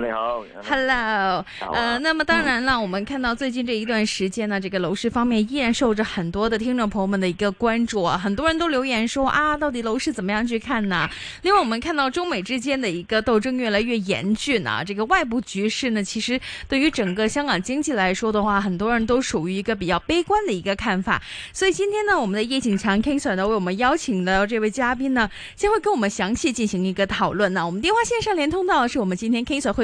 你好，Hello，, hello.、Uh, hello. 呃，那麼當然了，嗯，我們看到最近這一段時間呢，這個樓市方面依然受着很多的聽眾朋友們的一個關注，啊，很多人都留言說啊，到底樓市怎麼樣去看呢？另外我們看到中美之間的一個鬥爭越來越嚴峻啊，這個外部局勢呢，其實對於整個香港經濟來說的話，很多人都屬於一個比較悲觀的一個看法，所以今天呢，我們的葉錦強 Kingser 呢，為我們邀請的這位嘉賓呢，將會跟我們詳細進行一個討論。那我們電話線上連通道是我們今天 Kingser 會。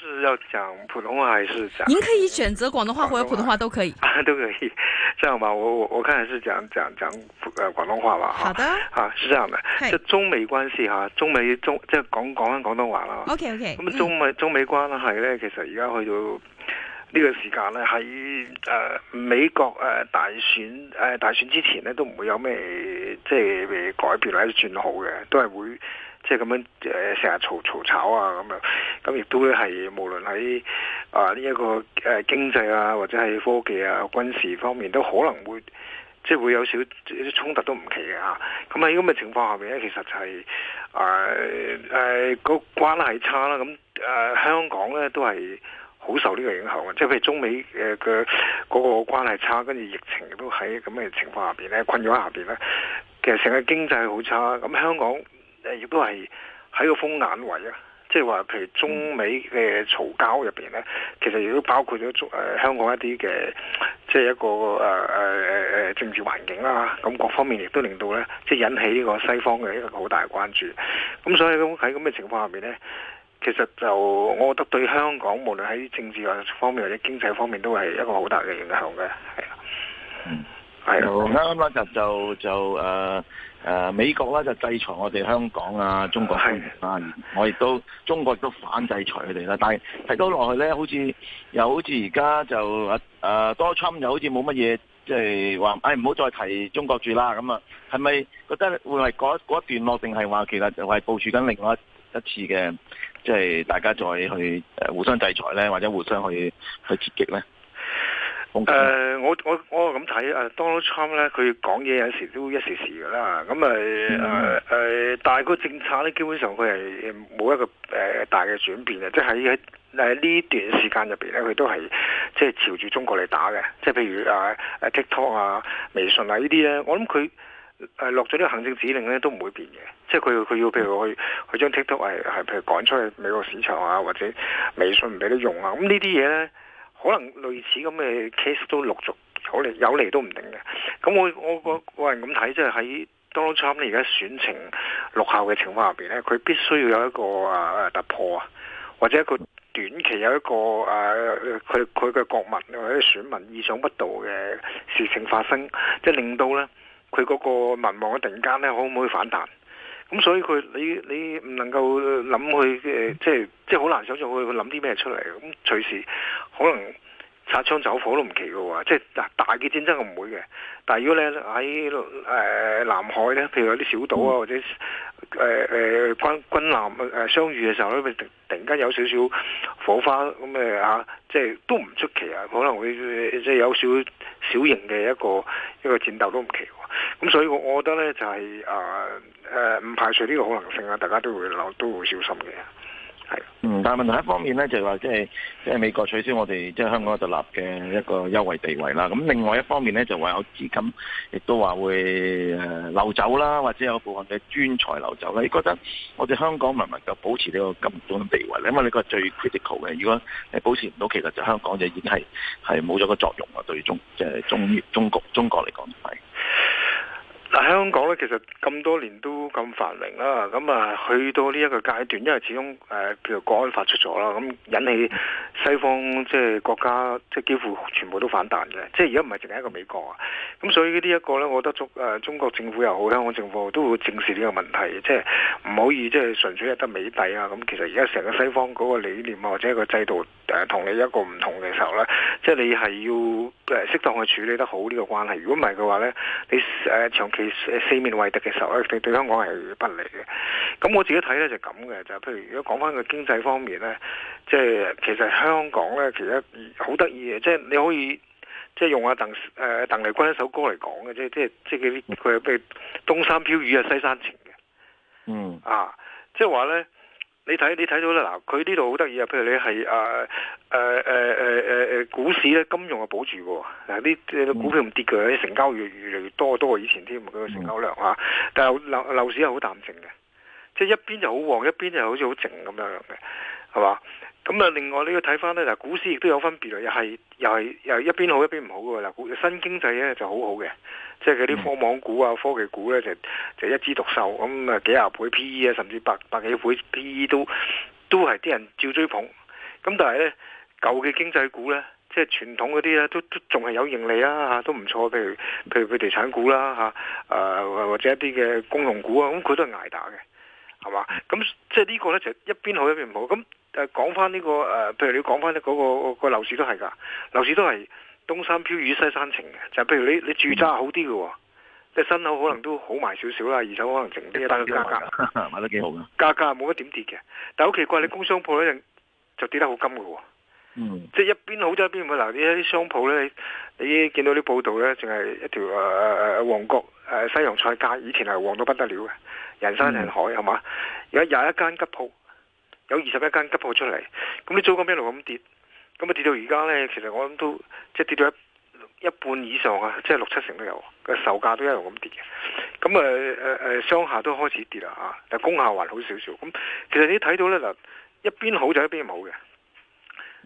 是要講普通話還是講？您可以選擇廣東話或者普通話都可以，啊，都可以。這樣吧，我我我看還是講講講廣廣東話吧。好的。吓，先生啊，即係是中美關係吓，中美中即係講講緊廣東話啦。OK OK。咁中美、嗯、中美關係咧，其實而家去到呢個時間咧，喺誒、呃、美國誒、呃、大選誒、呃、大選之前咧，都唔會有咩即係改變或者轉好嘅，都係會。即係咁樣誒，成日嘈嘈吵啊咁樣，咁、uh, 亦都咧係無論喺啊呢一個誒經濟啊或者係科技啊軍事方面都可能會即係、就是、會有少少衝突都唔奇嘅嚇。咁喺咁嘅情況下邊咧，其實就係誒誒個關係差啦。咁誒、uh, 香港咧都係好受呢個影響嘅，即係譬如中美誒嘅嗰個關係差，跟住疫情都喺咁嘅情況下邊咧困咗下邊咧，其實成個經濟好差。咁香港。誒，亦都係喺個風眼位啊！即係話，譬如中美嘅嘈交入邊咧，其實亦都包括咗中、呃、香港一啲嘅，即係一個誒誒誒誒政治環境啦。咁各方面亦都令到咧，即係引起呢個西方嘅一個好大嘅關注。咁所以喺咁嘅情況下面咧，其實就我覺得對香港無論喺政治或方面或者經濟方面都係一個好大嘅影響嘅，係啊。嗯，係咯，啱啱一集就就誒。呃誒、呃、美國咧就制裁我哋香港啊，中國相關、啊，的我亦都中國亦都反制裁佢哋啦。但係提到落去咧，好似又好似而家就誒、呃、多 Trump 又好似冇乜嘢，即係話誒唔好再提中國住啦。咁啊，係咪覺得會係告一,一段落，定係話其實係部署緊另外一次嘅，即係大家再去誒、呃、互相制裁咧，或者互相去去刺激咧？誒、嗯呃，我我我咁睇啊，Donald Trump 咧，佢講嘢有時都一時時㗎喇，咁誒誒，但係個政策咧，基本上佢係冇一個誒、呃、大嘅轉變嘅，即係喺誒呢段時間入邊咧，佢都係即係朝住中國嚟打嘅，即、就、係、是、譬如啊誒、啊、TikTok 啊、微信啊呢啲咧，我諗佢誒落咗呢個行政指令咧都唔會變嘅，即係佢佢要譬如去去將 TikTok 係、啊、係譬如趕出去美國市場啊，或者微信唔俾你用啊，咁呢啲嘢咧。可能類似咁嘅 case 都陸續有嚟，有嚟都唔定嘅。咁我我個人咁睇，即係喺 Donald Trump 而家選情落後嘅情況下邊咧，佢必須要有一個啊突破啊，或者一個短期有一個啊佢佢嘅國民或者選民意想不到嘅事情發生，即係令到咧佢嗰個民望嘅突然間咧可唔可以反彈？咁、嗯、所以佢你你唔能夠諗去嘅，即係即係好難想象去諗啲咩出嚟，咁隨時可能。擦槍走火都唔奇嘅喎，即係嗱大嘅戰爭我唔會嘅，但係如果咧喺誒南海咧，譬如有啲小島啊或者誒誒軍軍艦誒相、呃、遇嘅時候咧，突、呃、突然間有少少火花咁誒、呃、啊，即係都唔出奇啊，可能會即係有少少小型嘅一個一個戰鬥都唔奇喎，咁、嗯、所以我覺得咧就係啊誒唔排除呢個可能性啊，大家都會留都會小心嘅。係，嗯，但係問題一方面咧就話即係即係美國取消我哋即係香港獨立嘅一個優惠地位啦，咁另外一方面咧就話有資金亦都話會誒、呃、流走啦，或者有部分嘅專才流走啦，你覺得我哋香港能唔能夠保持呢個金融地位咧？因為你覺得最 critical 嘅，如果你保持唔到，其實就香港就已經係係冇咗個作用啦，對於中即係中中國中國嚟講就係。香港咧其實咁多年都咁繁榮啦，咁啊去到呢一個階段，因為始終誒譬如國安法出咗啦，咁引起西方即係國家即係幾乎全部都反彈嘅，即係而家唔係淨係一個美國啊，咁所以呢一個咧，我覺得中誒、呃、中國政府又好，香港政府都會正視呢個問題，即係唔可以即係純粹係得美帝啊咁。其實而家成個西方嗰個理念啊，或者個制度誒同、呃、你一個唔同嘅時候咧，即係你係要誒、呃、適當去處理得好呢個關係。如果唔係嘅話咧，你誒、呃、長期。四面圍敵嘅時候，對對香港係不利嘅。咁我自己睇咧就咁嘅，就係譬如如果講翻個經濟方面咧，即係其實香港咧，其實好得意嘅，即係你可以即係用阿鄧誒鄧麗君一首歌嚟講嘅，即係即係即係佢啲譬如東山飄雨啊，西山晴嘅，嗯啊，即係話咧。你睇你睇到啦，嗱佢呢度好得意啊，譬如你係啊誒誒誒誒誒股市咧，金融嘅保住㗎，嗱啲股票唔跌嘅，成交越越嚟越多，越越多過以前添，佢成交量吓、啊，但係樓樓，樓市係好淡靜嘅，即係一邊就好旺，一邊就好似好靜咁樣樣嘅，係嘛？咁啊，另外你要睇翻呢，嗱，股市亦都有分別啦，又係又係又係一邊好一邊唔好嘅啦。新經濟咧就好好嘅，即係嗰啲科網股啊、科技股咧，就就一枝獨秀，咁、嗯、啊幾廿倍 P E 啊，甚至百百幾倍 P E 都都係啲人照追捧。咁但係呢，舊嘅經濟股呢，即係傳統嗰啲呢，都都仲係有盈利啊，都唔錯。譬如譬如佢地產股啦，嚇啊、呃、或者一啲嘅公用股啊，咁、嗯、佢都係挨打嘅。係嘛？咁即係呢個咧就一邊好一邊唔好。咁誒、呃、講翻呢、這個誒、呃，譬如你講翻咧嗰個、那個樓市都係噶，樓市都係東山飄雨西山晴嘅。就是、譬如你你住宅好啲嘅，即係新樓可能都好埋少少啦，而且可能淨啲。但係價格，賣得幾好嘅。價格冇乜點跌嘅，但係好奇怪你工商鋪咧就就跌得好金嘅喎。嗯、即係一邊好咗一邊唔好，嗱啲一啲商鋪咧，你見到啲報道咧，淨係一條誒誒誒旺角誒西洋菜街，以前係旺到不得了嘅。人山人海係嘛、mm hmm.，有廿一間吉舖，有二十一間吉舖出嚟，咁你租金一路咁跌，咁啊跌到而家呢？其實我諗都即係跌到一一半以上啊，即係六七成都有，個售價都一路咁跌嘅，咁啊誒誒商廈都開始跌啦啊，但係工廈還好少少，咁、嗯、其實你睇到呢，嗱，一邊好就一邊唔好嘅，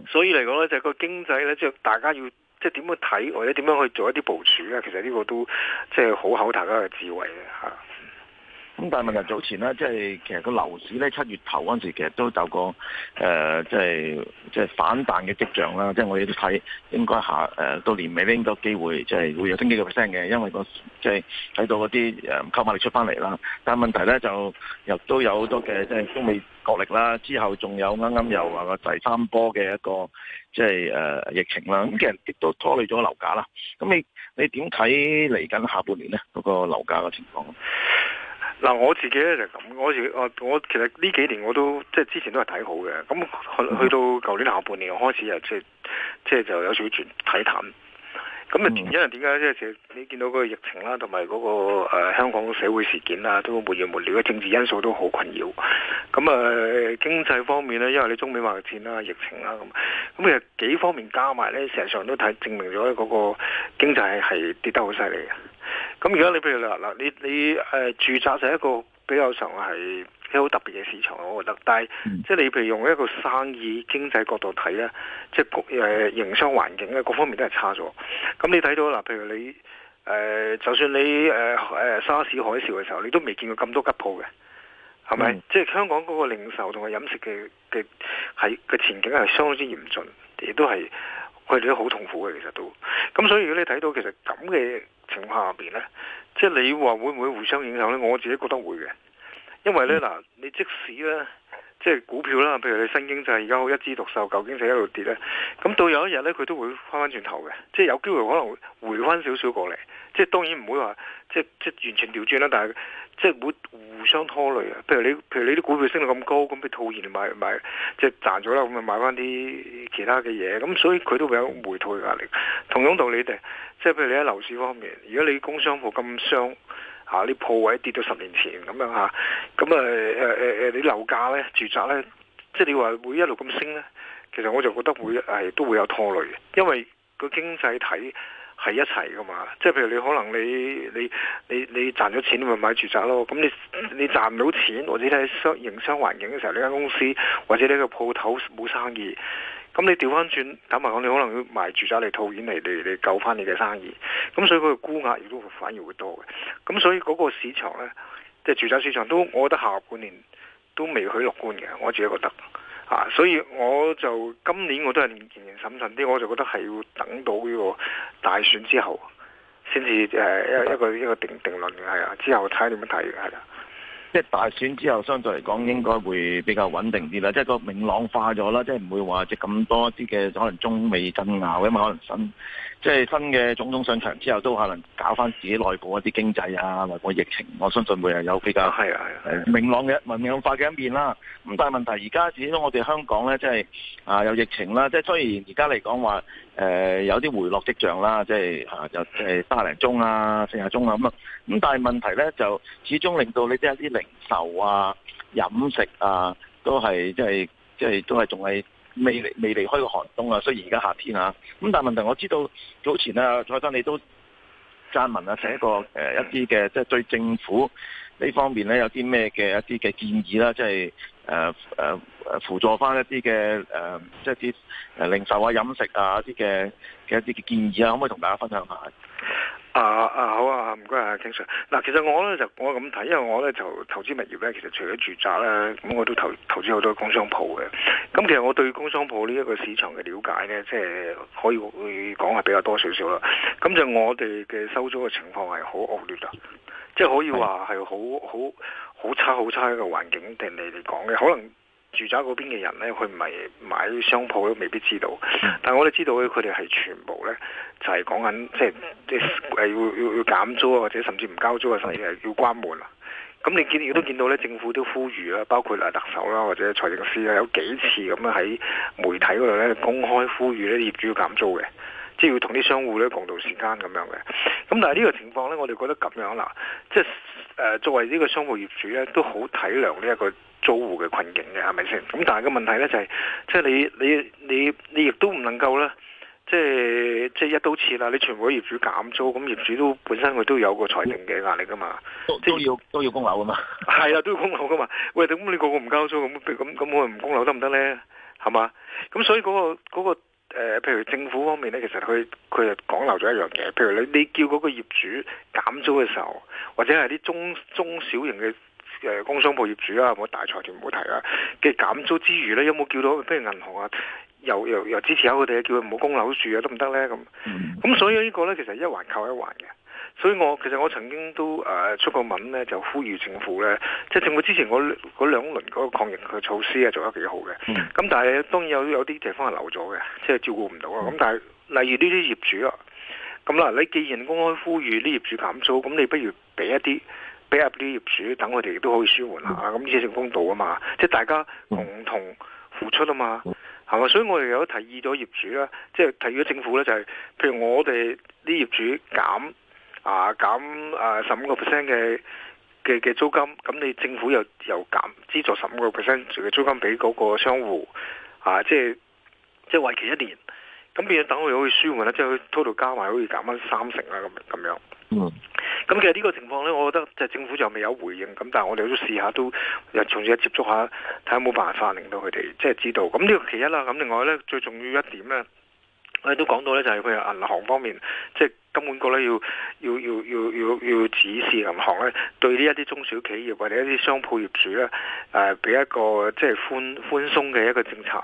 所以嚟講呢，就係、個經濟呢，即係大家要即係點樣睇或者點樣去做一啲部署呢？其實呢個都即係好考大家嘅智慧嘅吓。啊咁但係問題早前咧，即係其實個樓市咧，七月頭嗰陣時，其實都過、呃、就個、是、誒、就是，即係即係反彈嘅跡象啦。即係我哋都睇，應該下誒到、呃、年尾咧，應該機會即係會有升幾個 percent 嘅，因為個即係睇到嗰啲誒購物力出翻嚟啦。但係問題咧，就又都有好多嘅即係中美角力啦，之後仲有啱啱又話個第三波嘅一個即係誒、呃、疫情啦。咁其實亦都拖累咗樓價啦。咁你你點睇嚟緊下半年咧嗰、那個樓價嘅情況？嗱我自己咧就咁，我自己我自己我，我其實呢幾年我都即係之前都係睇好嘅，咁去去到舊年下半年開始又、就是、即即係就有少少轉睇淡。咁啊原因係點解咧？即係你見到嗰個疫情啦，同埋嗰個、呃、香港社會事件啊，都無完無了嘅政治因素都好困擾。咁啊、呃、經濟方面咧，因為你中美貿戰啦、疫情啦咁，咁其實幾方面加埋咧，事實上都睇證明咗咧嗰個經濟係跌得好犀利嘅。咁而家你譬如啦，嗱，你你誒、呃、住宅就係一個比較上係啲好特別嘅市場，我覺得。但係即係你譬如用一個生意經濟角度睇咧，即係誒、呃、營商環境咧，各方面都係差咗。咁你睇到嗱，譬如你誒、呃，就算你誒誒、呃、沙士海嘯嘅時候，你都未見過咁多吉鋪嘅，係咪？嗯、即係香港嗰個零售同埋飲食嘅嘅係嘅前景係相當之嚴峻，亦都係。佢哋都好痛苦嘅，其實都咁，所以如果你睇到其實咁嘅情況下邊呢，即係你話會唔會互相影響呢？我自己覺得會嘅，因為呢，嗱、嗯，你即使呢。即係股票啦，譬如你新經濟而家好一枝獨秀，究竟佢一路跌咧，咁到有一日咧，佢都會翻翻轉頭嘅，即係有機會可能會回翻少少過嚟。即係當然唔會話即即完全調轉啦，但係即唔會互相拖累啊。譬如你譬如你啲股票升到咁高，咁佢套現嚟買，買即係賺咗啦，咁咪買翻啲其他嘅嘢。咁所以佢都會有回吐嘅壓力。同樣道理嘅、就係，即係譬如你喺樓市方面，如果你工商舖咁傷。啊！啲鋪位跌到十年前咁樣吓，咁啊誒誒誒，你樓價咧、住宅咧，即係你話會一路咁升咧，其實我就覺得會係、啊、都會有拖累嘅，因為個經濟體係一齊㗎嘛。即係譬如你可能你你你你賺咗錢咪買住宅咯，咁你你賺唔到錢，或者喺商營商環境嘅時候，呢間公司或者呢個鋪頭冇生意，咁你調翻轉，坦白講，你可能要賣住宅嚟套現嚟，你嚟救翻你嘅生意。咁所以佢嘅估額亦都反而會多嘅。咁所以嗰個市場呢，即係住宅市場都，我覺得下半年都未許樂觀嘅。我自己覺得啊，所以我就今年我都係仍然審慎啲，我就覺得係要等到呢個大選之後，先至誒一個的一個一個定定論嘅係啊。之後睇下點樣睇嘅啦。即係大選之後，相對嚟講應該會比較穩定啲啦，即係個明朗化咗啦，即係唔會話即咁多啲嘅可能中美爭拗因為，可能新。即係新嘅總統上場之後，都可能搞翻自己內部一啲經濟啊，或者疫情，我相信會係有比較係啊係明朗嘅、文明化嘅一面啦。唔但係問題，而家始終我哋香港咧，即係啊有疫情啦，即係雖然而家嚟講話誒有啲回落跡象啦，即係啊就誒卅零鐘啊、四啊鐘啊咁啊，咁但係問題咧就始終令到你啲一啲零售啊、飲食啊，都係即係即係都係仲係。未離未離開過寒冬啊，雖然而家夏天啊，咁但係問題我知道早前啊，蔡生你都撰文啊，寫一個誒一啲嘅即係對政府呢方面咧有啲咩嘅一啲嘅建議啦，啊，即係誒誒誒輔助翻一啲嘅誒即係啲誒零售啊、飲食啊一啲嘅嘅一啲嘅建議啊，可唔可以同大家分享下，啊？啊啊好啊，唔該啊，King Sir，啊。嗱，其實我咧就我咁睇，因為我咧就投資物業咧，其實除咗住宅咧，咁我都投投資好多工商鋪嘅。咁其實我對工商鋪呢一個市場嘅了解咧，即係可以會講係比較多少少啦。咁就我哋嘅收租嘅情況係好惡劣啊，的即係可以話係好好好差好差一個環境，定你嚟講嘅可能。住宅嗰邊嘅人咧，佢唔係買商鋪都未必知道，但係我哋知道咧，佢哋係全部咧就係講緊即係即係要要要減租啊，或者甚至唔交租啊，甚至係要關門啊。咁你見亦都見到咧，政府都呼籲啦，包括啊特首啦或者財政司啊，有幾次咁樣喺媒體嗰度咧公開呼籲咧，業主要減租嘅，即係要同啲商戶咧共度時艱咁樣嘅。咁但係呢個情況咧，我哋覺得咁樣啦，即係。誒、呃，作為呢個商務業主咧，都好體諒呢一個租戶嘅困境嘅，係咪先？咁但係個問題咧就係、是，即係你你你你亦都唔能夠咧，即係即係一刀切啦！你全部業主減租，咁業主都本身佢都有個財政嘅壓力噶嘛，都即係都要都要供樓噶嘛。係 啊，都要供樓噶嘛。喂，咁你個個唔交租，咁咁咁我唔供樓得唔得咧？係嘛？咁所以嗰個嗰個。那個那個誒、呃，譬如政府方面咧，其實佢佢就講漏咗一樣嘢。譬如你你叫嗰個業主減租嘅時候，或者係啲中中小型嘅誒、呃、工商鋪業主啦、啊，冇大財團唔好提啦、啊、嘅減租之餘咧，有冇叫到譬如銀行啊，又又又支持下佢哋，叫佢唔好供樓住啊，得唔得咧咁。咁、嗯、所以個呢個咧，其實一環扣一環嘅。所以我其實我曾經都誒、呃、出過文咧，就呼籲政府咧，即係政府之前嗰嗰兩輪嗰個抗疫嘅措施係做得幾好嘅。咁但係當然有有啲地方係漏咗嘅，即係照顧唔到啊。咁但係例如呢啲業主啊，咁啦，你既然公開呼籲啲業主減租，咁你不如俾一啲俾入啲業主，等佢哋都可以舒緩下啊。咁呢啲叫公道啊嘛，即係大家共同，同付出啊嘛，係嘛？所以我哋有提議咗業主啦，即係提議咗政府咧，就係譬如我哋啲業主減。啊，減啊十五個 percent 嘅嘅嘅租金，咁你政府又又減資助十五個 percent 嘅租金俾嗰個商戶，啊，即係即係為期一年，咁變咗等佢可以舒緩啦，即係去 total 加埋可以減翻三成啊，咁樣。樣嗯。咁其實呢個情況咧，我覺得即係政府就未有回應，咁但係我哋都試下，都又從而接觸下，睇下有冇辦法令到佢哋即係知道。咁呢個其一啦，咁另外咧，最重要一點咧，我哋都講到咧就係佢銀行方面即係。就係根本覺得要要要要要要指示銀行咧，對呢一啲中小企業或者一啲商鋪業主咧，誒、呃、俾一個即係寬寬鬆嘅一個政策，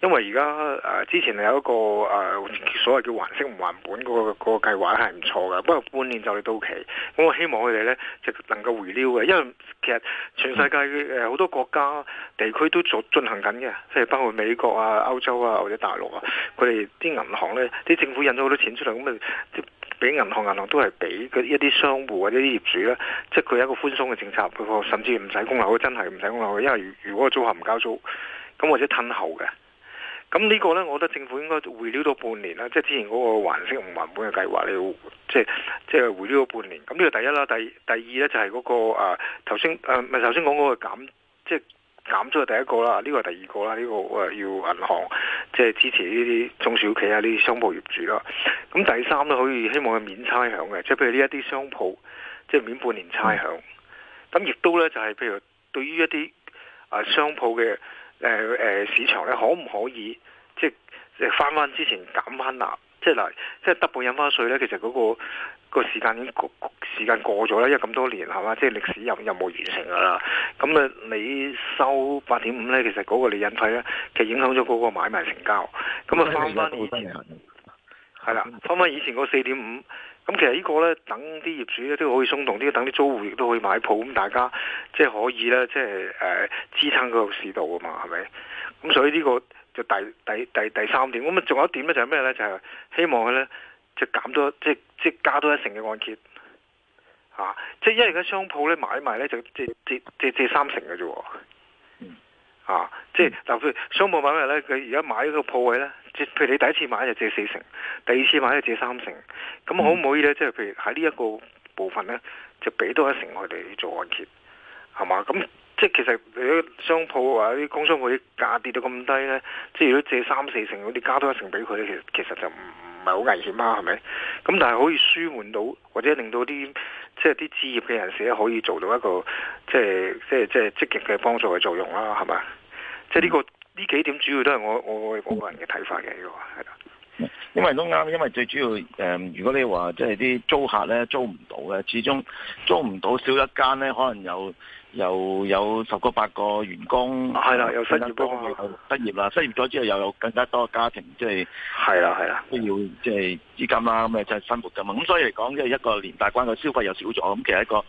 因為而家誒之前有一個誒、呃、所謂叫還息唔還本嗰、那個嗰、那個計劃係唔錯嘅，不過半年就嚟到期，咁我希望佢哋咧即係能夠回流嘅，因為其實全世界嘅誒好多國家地區都做進行緊嘅，即係包括美國啊、歐洲啊或者大陸啊，佢哋啲銀行咧、啲政府印咗好多錢出嚟，咁啊即俾銀行、銀行都係俾一啲商戶或者啲業主啦。即係佢有一個寬鬆嘅政策，甚至唔使供樓，真係唔使供樓，因為如果租客唔交租，咁或者吞後嘅。咁呢個呢，我覺得政府應該回饋到半年啦，即係之前嗰個還息唔還本嘅計劃咧，你要，即係即係回饋到半年。咁呢個第一啦，第第二呢就係嗰、嗰個啊頭先誒唔係頭先講嗰個減即係。減咗係第一個啦，呢、這個係第二個啦，呢、這個誒要銀行即係、就是、支持呢啲中小企啊，呢啲商鋪業主啦。咁第三咧，可以希望佢免差餉嘅，即、就、係、是、譬如呢一啲商鋪即係免半年差餉。咁亦都呢，就係譬如對於一啲啊商鋪嘅誒誒市場呢可唔可以即係即係翻翻之前減翻啦？即係嗱，即係 double 印花稅咧，其實嗰、那個、那個時間已經時間過咗啦，因為咁多年係嘛，即係歷史任任務完成㗎啦。咁啊，你收八點五咧，其實嗰個印花費咧，其實影響咗嗰個買賣成交。咁啊，翻翻以前係啦，翻翻以前嗰四點五。咁其實個呢個咧，等啲業主咧都可以鬆動啲，等啲租戶亦都可以買鋪，咁大家即係可以咧，即係誒、呃、支撐個市道啊嘛，係咪？咁所以呢、這個。就第第第第三點，咁啊，仲有一點咧，就係咩咧？就係希望佢咧，就係減多，即即加多一成嘅按揭，啊！即係因為而家商鋪咧，買賣咧，就借借借借，借三成嘅啫，啊！即係嗱，譬如商鋪買賣咧，佢而家買個鋪位咧，譬如你第一次買就借四成，第二次買就借三成，咁可唔可以咧？即係、嗯、譬如喺呢一個部分咧，就俾多一成我哋做按揭，係嘛？咁。即係其實如果商鋪或者啲工商鋪啲價跌到咁低呢，即係如果借三四成，我哋加多一成俾佢咧，其實其實就唔唔係好危險啦，係咪？咁但係可以舒緩到，或者令到啲即係啲置業嘅人士咧，可以做到一個即係即係即係積極嘅幫助嘅作用啦，係咪？即係、這、呢個呢、嗯、幾點主要都係我我我個人嘅睇法嘅，呢個係啦。因為都啱，因為最主要誒、呃，如果你話即係啲租客呢，租唔到嘅，始終租唔到少一間呢，可能有。又有十個八個員工，係啦，又失業工，的又失業啦，失業咗之後又有更加多家庭，即係係啦係啦，需要即係資金啦，咁啊即係生活㗎嘛。咁所以嚟講，即係一,一個連帶關係，個消費又少咗，咁其實一個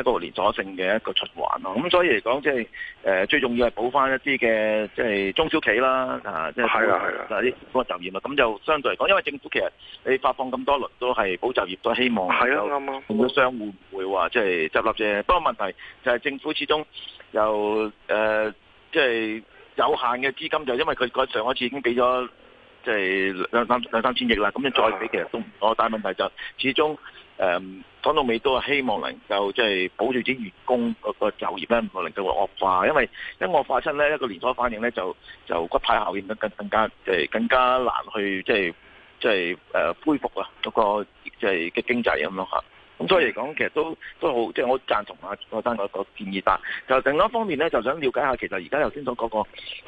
一個連鎖性嘅一個循環咯。咁所以嚟講，即係誒最重要係補翻一啲嘅，即係中小企啦，啊的，即係補翻嗱啲嗰個就業啦。咁就相對嚟講，因為政府其實你發放咁多輪都係補就業，都希望係啦啱啊，啲商戶唔會話即係執笠啫。不過問題就係、是、政府始終又誒，即、呃、係、就是、有限嘅資金，就因為佢上一次已經俾咗即係兩三兩三千億啦，咁你再俾其實都唔多。但係問題就始終誒講到尾都係希望能夠即係保住啲員工個就業咧，唔能夠惡化，因為一惡化出咧一個連鎖反應咧，就就骨牌效應得更更加即係、就是、更加難去即係即係誒恢復啊、那個，嗰個即係嘅經濟咁咯嚇。咁、嗯、所以嚟講，其實都都好，即係我贊同啊，我生嗰個建議，但就另一方面咧，就想了解下，其實而家頭先所講、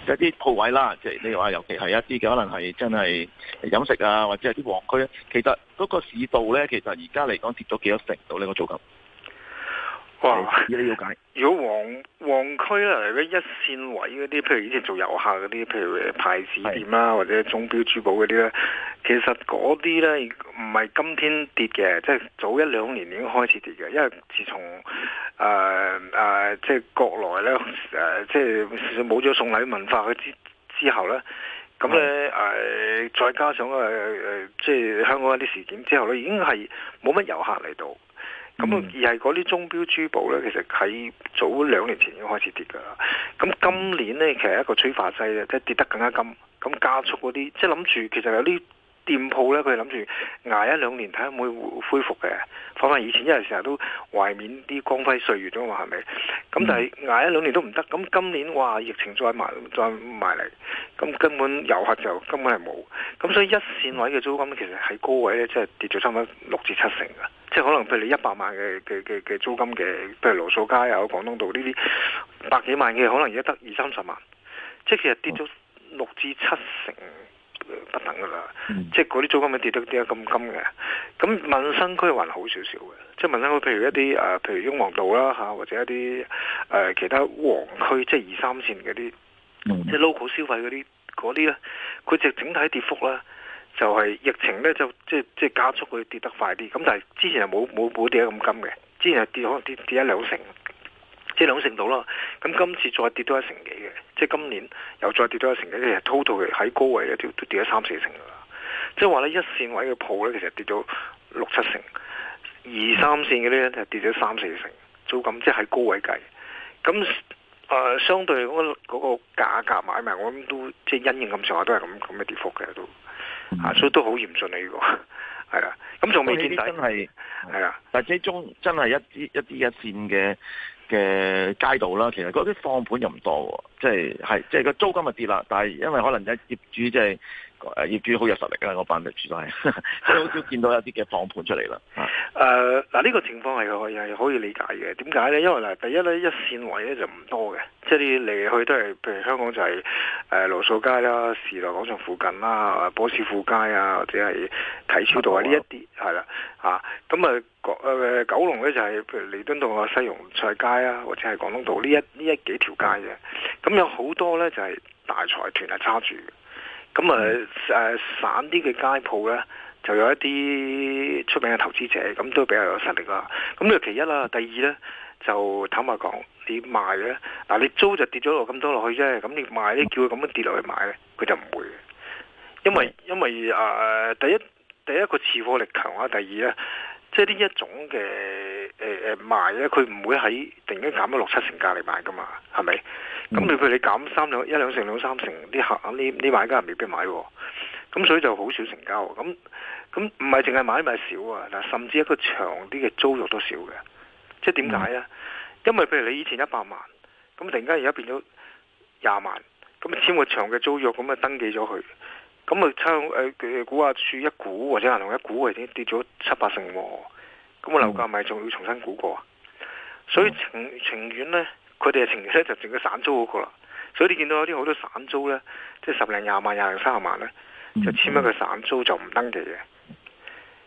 嘅一啲鋪位啦，即係如話尤其係一啲嘅，可能係真係飲食啊，或者係啲旺區咧，其實嗰個市道咧，其實而家嚟講跌咗幾多成度咧？我做緊。哇！依啲瞭解，如果旺旺區啦，如果一線位嗰啲，譬如以前做遊客嗰啲，譬如誒牌子店啦，或者鐘錶、珠寶嗰啲咧，其實嗰啲咧唔係今天跌嘅，即係早一兩年已經開始跌嘅，因為自從誒誒即係國內咧誒即係冇咗送禮文化之之後咧，咁咧誒再加上誒誒即係香港一啲事件之後咧，已經係冇乜遊客嚟到。咁、嗯、而係嗰啲鐘錶、珠寶呢，其實喺早兩年前已經開始跌㗎喇。咁今年呢，其實一個催化劑咧，即係跌得更加急，咁加速嗰啲，即係諗住其實有啲店鋪呢，佢哋諗住捱一兩年睇下會唔會恢復嘅。翻翻以前，因為成日都懷緬啲光輝歲月啊嘛，係咪？咁但係捱一兩年都唔得。咁今年哇，疫情再埋再埋嚟，咁根本遊客就根本係冇。咁所以一線位嘅租金其實喺高位呢，即、就、係、是、跌咗差唔多六至七成嘅。即係可能譬如你一百萬嘅嘅嘅嘅租金嘅，譬如羅素街啊、廣東道呢啲百幾萬嘅，可能而家得二三十萬，即係其實跌咗六至七成不等㗎啦。嗯、即係嗰啲租金咪跌得跌得咁甘嘅。咁民生區還好少少嘅，即係民生區譬如一啲誒、呃，譬如雍皇道啦嚇、啊，或者一啲誒、呃、其他黃區，即係二三線嗰啲，嗯、即係 local 消費嗰啲，嗰啲咧，佢就整體跌幅啦。就係疫情咧，就即即加速佢跌得快啲。咁但係之前係冇冇冇跌得咁急嘅，之前係跌可能跌跌一兩成，即兩成度啦。咁今次再跌多一成幾嘅，即今年又再跌多一成幾嘅，其實 total 喺高位嘅跌都跌咗三四成噶啦。即係話呢，一線位嘅鋪咧，其實跌咗六七成；二三線嗰啲咧就跌咗三四成。租金即喺高位計，咁誒、呃、相對嗰嗰、嗰個價格買賣，我諗都即因應咁上下都係咁咁嘅跌幅嘅都。嗯、啊！所以都好嚴峻嚟嘅，係啊，咁仲未見底真係係啊，但係始終真係一啲一啲一線嘅嘅街道啦，其實嗰啲放盤又唔多，即係係即係個租金咪跌啦，但係因為可能有業主即係。業主好有實力啦，我班業主都係，係好少見到一啲嘅放盤出嚟啦。誒，嗱呢個情況係係可以理解嘅。點解咧？因為嗱，第一咧一線位咧就唔多嘅，即係你嚟去都係，譬如香港就係誒羅素街啦、時代廣場附近啦、波士富街波斯富街啊，或者係啟超道啊呢、嗯、一啲係啦。啊，咁啊誒九龍咧就係、是、譬如彌敦道啊、西洋菜街啊，或者係廣東道呢一呢一幾條街嘅。咁、嗯嗯、有好多咧就係、是、大財團係揸住。咁啊誒散啲嘅街鋪咧，就有一啲出名嘅投資者，咁、嗯、都比較有實力啦。咁呢個其一啦、啊，第二咧就坦白講，你賣咧嗱，你租就跌咗落咁多落去啫。咁你賣咧，叫佢咁樣跌落去買咧，佢就唔會嘅。因為因為啊、呃，第一第一個持貨力強啊，第二咧。即係呢一種嘅誒誒賣咧，佢唔會喺突然間減咗六七成價嚟買㗎嘛，係咪？咁你譬如你減三兩一兩成兩三成，啲客啲啲買家係未必買喎，咁所以就好少成交。咁咁唔係淨係買賣少啊，甚至一個長啲嘅租約都少嘅。即係點解啊？嗯、因為譬如你以前一百萬，咁突然間而家變咗廿萬，咁簽個長嘅租約，咁啊登記咗佢。咁啊，差估下處一估或者銀行一估，或者跌咗七八成喎。咁個樓價咪仲要重新估過？所以情、嗯、情願呢，佢哋嘅情願咧就剩咗散租嗰個啦。所以你見到有啲好多散租呢，即係十零廿萬、廿零三十萬呢，嗯、就簽一個散租就唔登記嘅。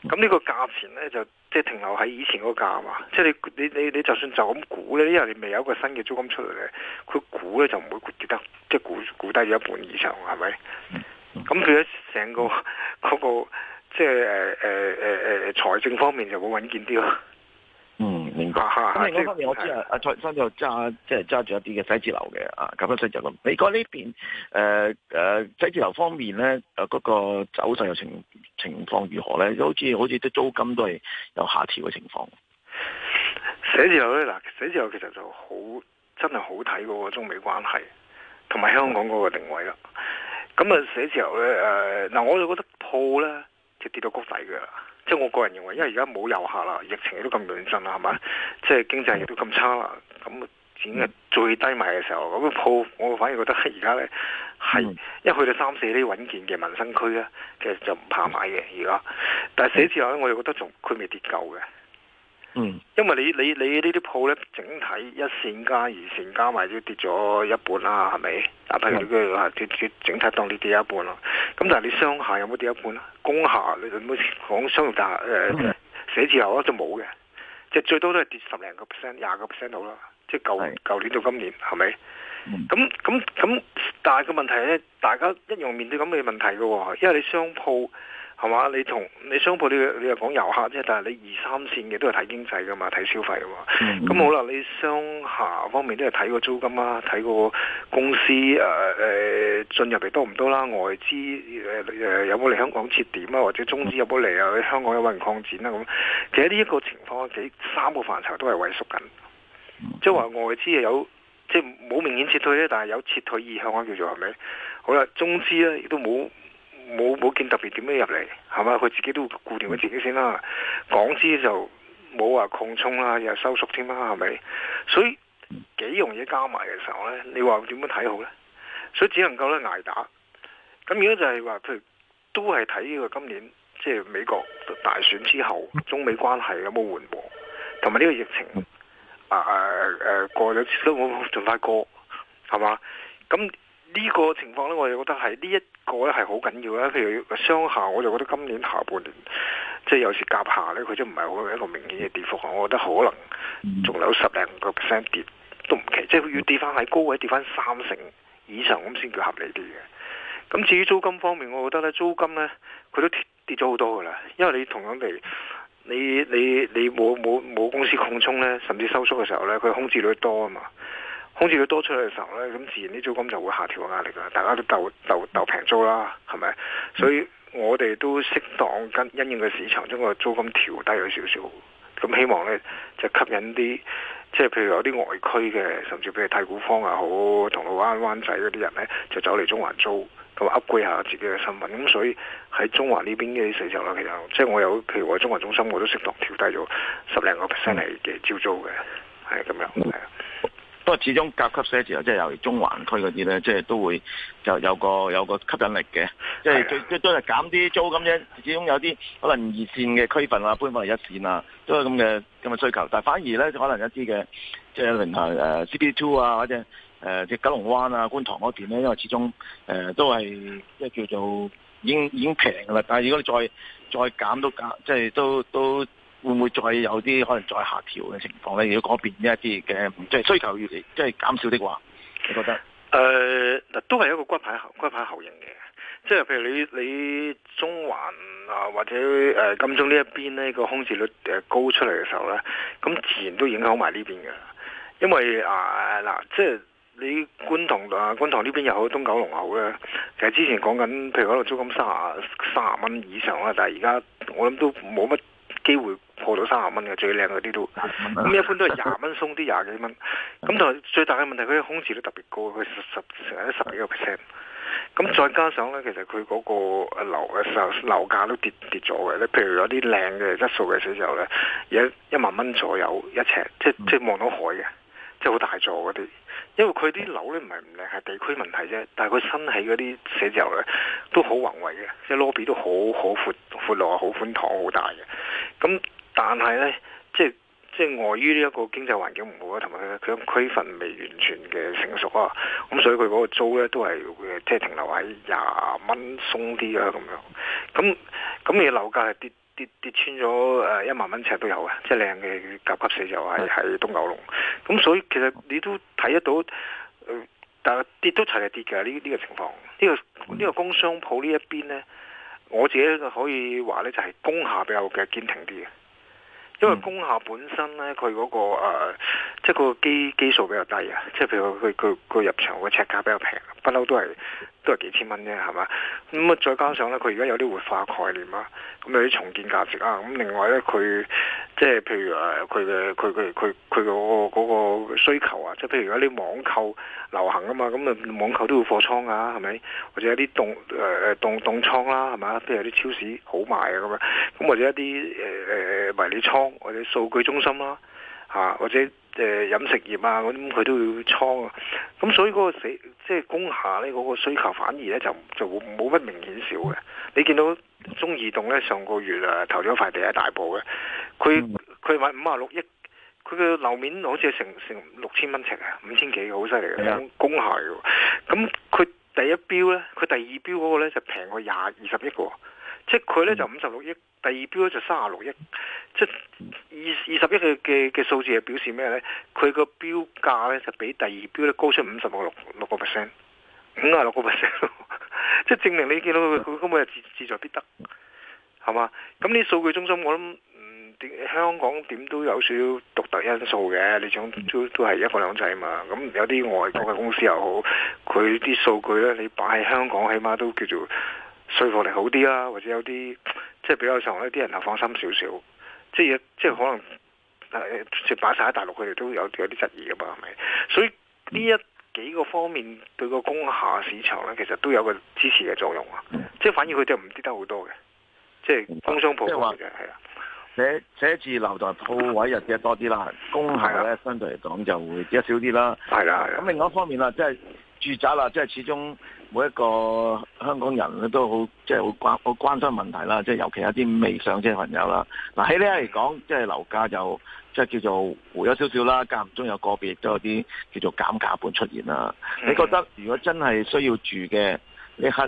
咁呢、嗯、個價錢呢，就即係停留喺以前嗰個價嘛。即係你你你你，你你就算就咁估呢，因為你未有一個新嘅租金出嚟呢，佢估呢，就唔會跌得即係估估，估低咗一半以上，係咪？嗯咁佢喺成個嗰個即係誒誒誒誒財政方面就會穩健啲咯。嗯，嗯，明白嚇嚇。咁另外方面，我知是啊，阿蔡生又揸即係揸住一啲嘅寫字樓嘅啊，講翻寫字樓。美國呢邊誒誒、呃呃、寫字樓方面咧，嗰、嗰個走勢嘅情情況如何咧？好似好似啲租金都係有下調嘅情況。寫字樓咧，嗱，寫字樓其實就真好真係好睇嗰個中美關係同埋香港嗰個定位啦。嗯咁啊、嗯，寫字樓咧誒，嗱、呃，我就覺得鋪咧就跌到谷底嘅啦，即係我個人認為，因為而家冇遊客啦，疫情亦都咁嚴峻啦，係咪？即係經濟亦都咁差啦，咁已經係最低賣嘅時候，咁鋪我反而覺得而家咧係，一去到三四啲穩健嘅民生區咧，其實就唔怕買嘅，而家，但係寫字樓咧，我就覺得仲佢未跌夠嘅。嗯，因為你你你呢啲鋪咧，整體一線加二線加埋都跌咗一半啦，係咪？啊，譬如佢啊，跌整體當你跌一半咯。咁但係你商廈有冇跌一半咧？工廈你冇講商業大廈誒寫、嗯呃、字樓咧就冇嘅，即係最多都係跌十零個 percent、廿個 percent 到啦。即係舊舊年到今年係咪？咁咁咁，但係個問題咧，大家一樣面對咁嘅問題噶，因為你商鋪。係嘛？你同你商鋪你你又講遊客啫，但係你二三線嘅都係睇經濟噶嘛，睇消費噶嘛。咁、嗯、好啦，你商廈方面都係睇個租金啦，睇個公司誒誒進入嚟多唔多啦，外資誒誒有冇嚟香港設點啊，或者中資有冇嚟啊？香港有冇人擴展啦、啊？咁其實呢一個情況，幾三個範疇都係萎縮緊、就是。即係話外資有即係冇明顯撤退咧，但係有撤退意向啦，叫做係咪？好啦，中資咧亦都冇。冇冇見特別點樣入嚟，係嘛？佢自己都會固定佢自己先啦。港資就冇話擴充啦，又收縮添啦，係咪？所以幾容易加埋嘅時候呢，你話點樣睇好呢？所以只能夠呢捱打。咁如果就係話，譬如都係睇呢個今年即係美國大選之後，中美關係有冇緩和，同埋呢個疫情啊啊誒、啊、過咗都冇盡快過，係嘛？咁。呢個情況呢，我就覺得係呢一個呢係好緊要啦。譬如商廈，我就覺得今年下半年即係有時夾下呢，佢都唔係好一個明顯嘅跌幅。我覺得可能仲有十零個 percent 跌都唔奇，即係要跌翻喺高位跌翻三成以上咁先叫合理啲嘅。咁至於租金方面，我覺得呢租金呢，佢都跌跌咗好多噶啦，因為你同樣地，你你你冇冇冇公司擴充呢，甚至收縮嘅時候呢，佢空置率多啊嘛。好似佢多出去嘅時候咧，咁自然啲租金就會下調嘅壓力啊！大家都鬥鬥平租啦，係咪？所以我哋都適當跟因應嘅市場將個租金調低咗少少，咁希望咧就吸引啲即係譬如有啲外區嘅，甚至譬如太古坊啊、好銅鑼灣灣仔嗰啲人咧，就走嚟中環租，咁 upgrade 下自己嘅身份。咁所以喺中環呢邊嘅市場啦，其實即係我有譬如我中環中心，我都適當調低咗十零個 percent 嚟嘅招租嘅，係咁樣係啊。不過始終甲級寫字樓即係由中環區嗰啲咧，即係都會就有個有個吸引力嘅，即係最的都都係減啲租咁啫。始終有啲可能二線嘅區份啊，搬翻嚟一線啊，都有咁嘅咁嘅需求。但係反而咧，可能一啲嘅即係零下誒 CBD Two 啊，或者誒隻、呃、九龍灣啊、觀塘嗰邊咧，因為始終誒、呃、都係即係叫做,做已經已經平噶啦。但係如果你再再減都減，即係都都。都都會唔會再有啲可能再下調嘅情況咧？如果嗰邊呢一啲嘅即係需求越嚟即係減少的話，你覺得？誒、呃、都係一個骨牌骨牌效應嘅，即係譬如你你中環啊或者誒金鐘呢一邊呢個空置率誒高出嚟嘅時候咧，咁自然都影響埋呢邊嘅，因為啊嗱、呃，即係你觀塘啊觀塘呢邊又好，東九龍又好咧，其實之前講緊譬如嗰度租金卅啊卅啊蚊以上啦，但係而家我諗都冇乜機會。破到三十蚊嘅最靚嗰啲都，咁 一般都係廿蚊鬆啲，廿幾蚊。咁但係最大嘅問題，佢嘅空置率特別高，佢十成喺十幾個 percent。咁再加上咧，其實佢嗰個樓嘅售樓價都跌跌咗嘅。你譬如有啲靚嘅質素嘅寫字樓咧，而家一萬蚊左右一尺，即係即係望到海嘅，即係好大座嗰啲。因為佢啲樓咧唔係唔靚，係地區問題啫。但係佢新起嗰啲寫字樓咧，都好宏偉嘅，即係 lobby 都好好闊。闊落好寬敞、好大嘅。咁但係呢，即係即係礙於呢一個經濟環境唔好啊，同埋佢咁區區份未完全嘅成熟啊。咁所以佢嗰個租呢，都係即係停留喺廿蚊鬆啲啊，咁樣。咁咁嘅樓價係跌跌跌穿咗誒一萬蚊尺都有嘅，即係靚嘅甲級四就係喺東九龍。咁所以其實你都睇得到，但、呃、係跌都齊係跌嘅呢呢個情況。呢、這個呢、這個工商鋪呢一邊呢。我自己可以話呢，就係、是、攻下比較嘅堅挺啲嘅。因為工廈本身咧，佢嗰、那個誒、呃，即係嗰個基基數比較低啊，即係譬如佢佢佢入場個尺價比較平，不嬲都係都係幾千蚊啫，係嘛？咁、嗯、啊，再加上咧，佢而家有啲活化概念啊，咁、嗯、有啲重建價值啊，咁、嗯、另外咧，佢即係譬如誒，佢嘅佢佢佢佢嗰個需求啊，即係譬如而家啲網購流行啊嘛，咁、嗯、啊網購都要貨倉啊，係咪？或者一啲凍誒誒凍凍倉啦、啊，係嘛？譬如有啲超市好賣啊咁樣，咁或者一啲誒誒。呃呃呃唔迷你倉或者數據中心啦，吓、啊、或者誒飲、呃、食業啊啲，佢都要倉啊。咁所以嗰、那個死即係工廈咧，嗰、那個需求反而咧就就冇乜明顯少嘅。你見到中移動咧上個月啊投咗塊地一大埔嘅，佢佢買五啊六億，佢嘅樓面好似成成六千蚊尺啊，五千幾嘅，好犀利嘅工廈嘅。咁佢第一標咧，佢第二標嗰個咧就平過廿二十億嘅。即係佢咧就五十六億，第二標咧就三十六億，即係二二十億嘅嘅嘅數字係表示咩咧？佢個標價咧就比第二標咧高出五十六六個 percent，五十六個 percent，即係證明你見到佢根本係志志在必得，係嘛？咁啲數據中心我諗，嗯，香港點都有少少獨特因素嘅。你想都都係一國兩制啊嘛？咁有啲外國嘅公司又好，佢啲數據咧你擺喺香港，起碼都叫做。説服力好啲啦，或者有啲即係比較上咧，啲人又放心少少。即係即係可能誒，即係擺曬喺大陸，佢哋都有有啲質疑嘅嘛。啊，係咪？所以呢一幾個方面對個工廈市場咧，其實都有個支持嘅作用啊。即係反而佢哋唔跌得好多嘅。即係工商舖嘅，係啊。寫寫字樓就鋪位跌得多啲啦，工廈咧相對嚟講就會少啲啦。係啦。咁另外一方面啦，即係住宅啦，即係始終。每一個香港人咧都好，即係好關好關心問題啦，即係尤其一啲未上車嘅朋友啦。嗱，喺呢一刻嚟講，嗯，即係樓價就即係叫做回咗少少啦，間唔中有個別都有啲叫做減價盤出現啦。嗯，嗯，你覺得如果真係需要住嘅呢一刻，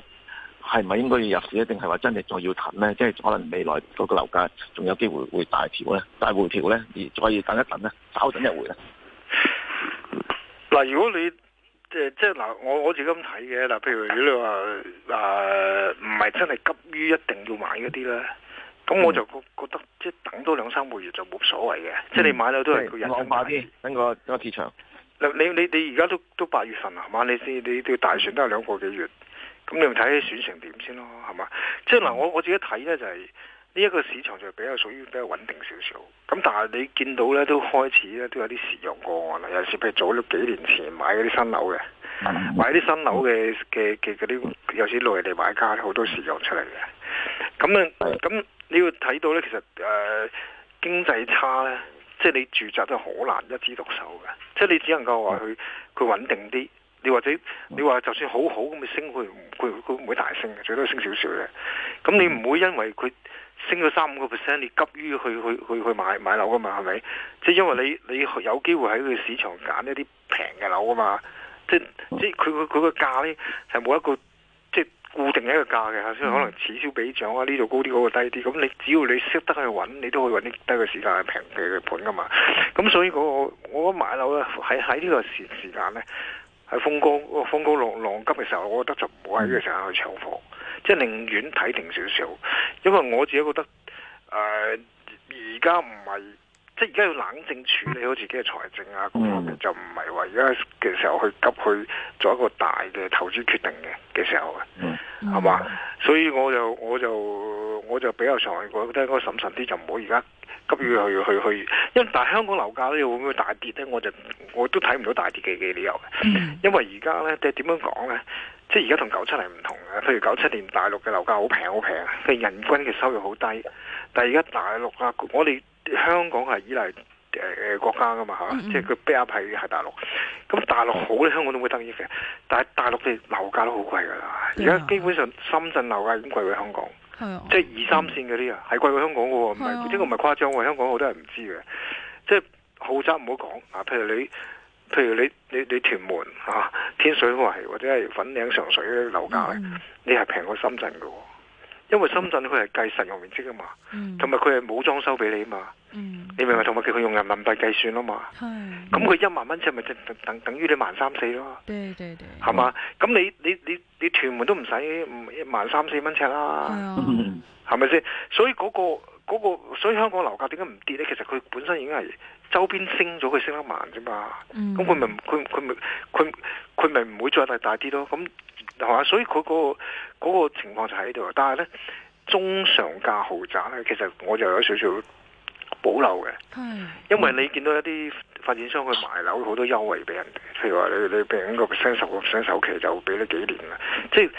係咪應該要入市，一定係話真係再要等咧？即係可能未來嗰個樓價仲有機會會大調咧，大回調咧，而再要等一等咧，稍等一回咧？嗱，嗯，如果你即即嗱，我我自己咁睇嘅嗱，譬如如果你話啊唔係真係急於一定要買嗰啲咧，咁我就覺覺得即等多兩三個月就冇所謂嘅，即你買到都係個人想法先。等個等個市場。嗱你你你而家都都八月份啦，係嘛？你先你要大選都係兩個幾月，咁你咪睇選情點先咯，係嘛？即嗱，我我自己睇咧就係、是。呢一個市場就比較屬於比較穩定少少，咁但係你見到呢，都開始咧都有啲蝕讓個案啦，尤其譬如早都幾年前買嗰啲新樓嘅，買啲新樓嘅嘅嘅啲，尤其是內地買家好多蝕讓出嚟嘅，咁、嗯、啊，咁、嗯、你、嗯嗯嗯、要睇到呢，其實誒、呃、經濟差咧，即係你住宅都好難一枝獨秀嘅，即係你只能夠話佢佢穩定啲，你或者你話就算好好咁嘅升，佢佢佢唔會大升嘅，最多升少少嘅，咁你唔會因為佢，升咗三五個 percent，你急於去去去去買買樓噶嘛？係咪？即係因為你你有機會喺佢市場揀一啲平嘅樓啊嘛！即係即係佢佢佢個價咧係冇一個即係固定一個價嘅嚇，所以可能此消彼長啊，呢度高啲，嗰、那個低啲。咁你只要你識得去揾，你都可以揾啲低嘅時間去平嘅嘅盤噶嘛。咁所以嗰、那個我覺得買樓咧喺喺呢個時時間呢。喺風高，風高浪浪急嘅時候，我覺得就唔好喺呢個時候去搶貨，嗯、即係寧願睇定少少。因為我自己覺得，誒而家唔係，即係而家要冷靜處理好自己嘅財政啊，各方、啊嗯、就唔係話而家嘅時候去急去做一個大嘅投資決定嘅嘅時候啊，係嘛、嗯嗯，所以我就我就我就比較上，我覺得應該審慎啲，就唔好而家。咁要去去去，因為但係香港樓價咧會唔會大跌咧？我就我都睇唔到大跌嘅嘅理由嘅，mm hmm. 因為而家咧即係點樣講咧，即係而家同九七係唔同嘅。譬如九七年大陸嘅樓價好平好平，即係人均嘅收入好低。但係而家大陸啊，我哋香港係依賴誒誒國家噶嘛嚇，mm hmm. 即係佢背靠係係大陸。咁大陸好咧，香港都會得益嘅。但係大陸嘅樓價都好貴㗎啦，而家 Yeah. 基本上深圳樓價已經貴過香港，即係二三線嗰啲啊，係貴過香港嘅，唔係，呢個唔係誇張，香港好多人唔知嘅。即係豪宅唔好講啊，譬如你，譬如你，你，你，屯門啊，天水圍或者係粉嶺上水啲樓價咧，嗯、你係平過深圳嘅。因為深圳佢係計實用面積啊嘛，同埋佢係冇裝修俾你啊嘛，嗯、你明白？同埋叫佢用人民幣計算啊嘛，咁佢、嗯、一萬蚊尺咪就等等等於你萬三四咯，係嘛？咁吧、嗯、你你你你，你屯門都唔使一萬三四蚊尺啦，係咪先？所以嗰、嗰個、嗰個，所以香港樓價點解唔跌咧？其實佢本身已經係周邊升咗，佢升得慢啫嘛。咁佢咪佢佢咪佢佢咪唔會再大大啲咯？咁係嘛， 嗯、所以佢，個嗰，個情況就喺度。但係咧，中上價豪宅咧，其實我就有少少保留嘅。嗯的，因為你見到一啲發展商去賣樓，好多優惠俾人哋，譬如話你你俾個 percent 十個 percent 首期就俾你幾年啦。即係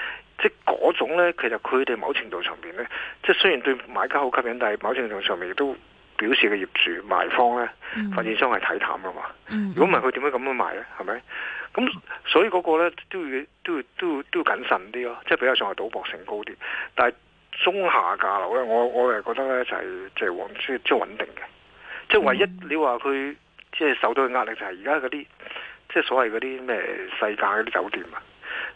即係嗰種咧，其實佢哋某程度上邊咧，即係雖然對買家好吸引，但係某程度上面亦都表示個業主賣方咧，發展商係睇淡噶嘛。如果唔係佢點解咁樣賣咧？係咪？咁、嗯、所以嗰個咧都要都要都要都要謹慎啲咯，即係比較上係賭博性高啲。但係中下價樓咧，我我係覺得咧就係即係黃即係穩定嘅。即係唯一你話佢即係受到嘅壓力就係而家嗰啲即係所謂嗰啲咩世界嗰啲酒店啊，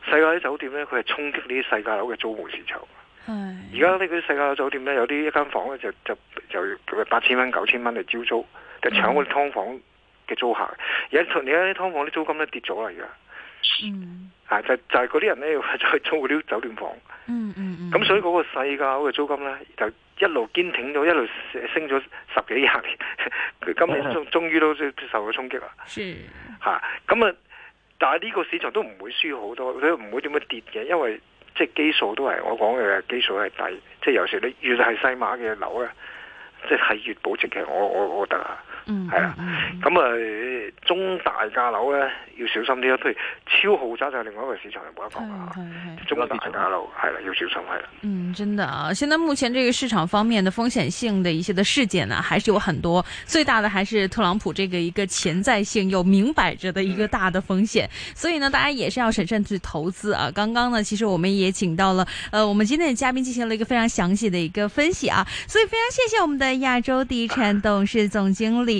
世界啲酒店咧佢係衝擊呢啲世界樓嘅租務市場。而家是呢嗰啲世界樓酒店咧有啲一間房咧就就就八千蚊九千蚊嚟招租，就搶嗰啲劏房。嗯嘅租客，而家同而家啲劏房啲租金咧跌咗嚟噶，吓、嗯、就就係嗰啲人咧去租嗰啲酒店房，咁、嗯嗯嗯、所以嗰個世界嗰個租金咧就一路堅挺咗，一路升咗十幾廿年，佢 今年終終於都受到衝擊啦，吓咁啊，但係呢個市場都唔會輸好多，都唔會點樣跌嘅，因為即係、就是、基數都係我講嘅基數係低，即係有時你越係細碼嘅樓咧，即、就、係、是、越保值嘅，我我我覺得啊。嗯，係啊，咁啊中大家樓呢，要小心啲咯，譬如超豪宅就係另外一個市場又冇得講啦嚇， 中大家樓係啦，要小心係啦。嗯，真的啊，現在目前這個市場方面的風險性的一些的事件呢、啊，還是有很多，最大的還是特朗普這個一個潛在性有明擺着的一個大的風險，嗯、所以呢，大家也是要謹慎，慎去投資啊。剛剛呢，其實我們也請到了，呃，我們今天的嘉賓進行了一個非常詳細的一個分析啊，所以非常謝謝我們的亞洲地產董事總經理。